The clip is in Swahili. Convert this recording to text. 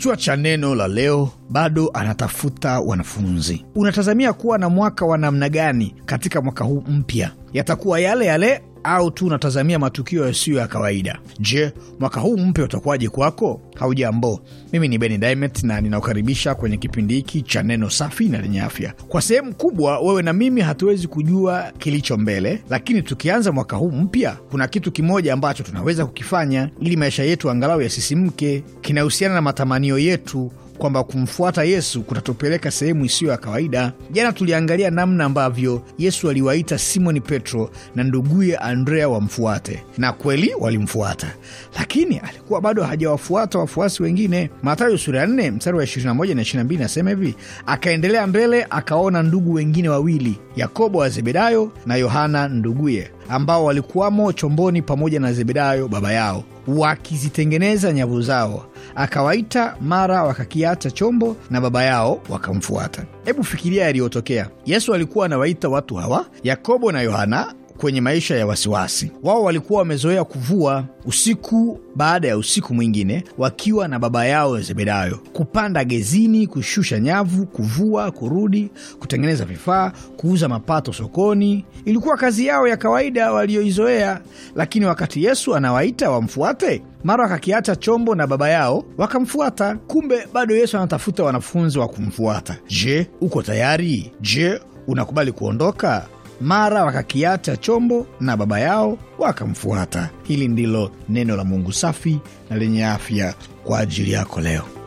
Kichwa cha neno la leo: bado anatafuta wanafunzi. Unatazamia kuwa na mwaka wa namna gani katika mwaka huu mpya? Yatakuwa yale yale au tu unatazamia matukio yasiyo ya kawaida? Je, mwaka huu mpya utakuwaje kwako? Haujambo, mimi ni Beni Dimet na ninakukaribisha kwenye kipindi hiki cha neno safi na lenye afya. Kwa sehemu kubwa, wewe na mimi hatuwezi kujua kilicho mbele, lakini tukianza mwaka huu mpya, kuna kitu kimoja ambacho tunaweza kukifanya ili maisha yetu angalau yasisimke. Kinahusiana na matamanio yetu kwamba kumfuata Yesu kutatupeleka sehemu isiyo ya kawaida. Jana tuliangalia namna ambavyo Yesu aliwaita Simoni Petro na nduguye Andrea wamfuate, na kweli walimfuata, lakini alikuwa bado hajawafuata wafuasi wengine. Mathayo sura ya 4 mstari wa 21 na 22 nasema hivi: akaendelea mbele, akaona ndugu wengine wawili, Yakobo wa Zebedayo na Yohana nduguye ambao walikuwamo chomboni pamoja na Zebedayo baba yao wakizitengeneza nyavu zao. Akawaita mara, wakakiacha chombo na baba yao wakamfuata. Hebu fikiria yaliyotokea. Yesu alikuwa anawaita watu hawa, Yakobo na Yohana kwenye maisha ya wasiwasi. Wao walikuwa wamezoea kuvua usiku baada ya usiku mwingine, wakiwa na baba yao Zebedayo, kupanda gezini, kushusha nyavu, kuvua, kurudi, kutengeneza vifaa, kuuza mapato sokoni. Ilikuwa kazi yao ya kawaida walioizoea, lakini wakati Yesu anawaita wamfuate mara wakakiacha chombo na baba yao wakamfuata. Kumbe bado Yesu anatafuta wanafunzi wa kumfuata. Je, uko tayari? Je, unakubali kuondoka? mara wakakiacha chombo na baba yao wakamfuata. Hili ndilo neno la Mungu safi na lenye afya kwa ajili yako leo.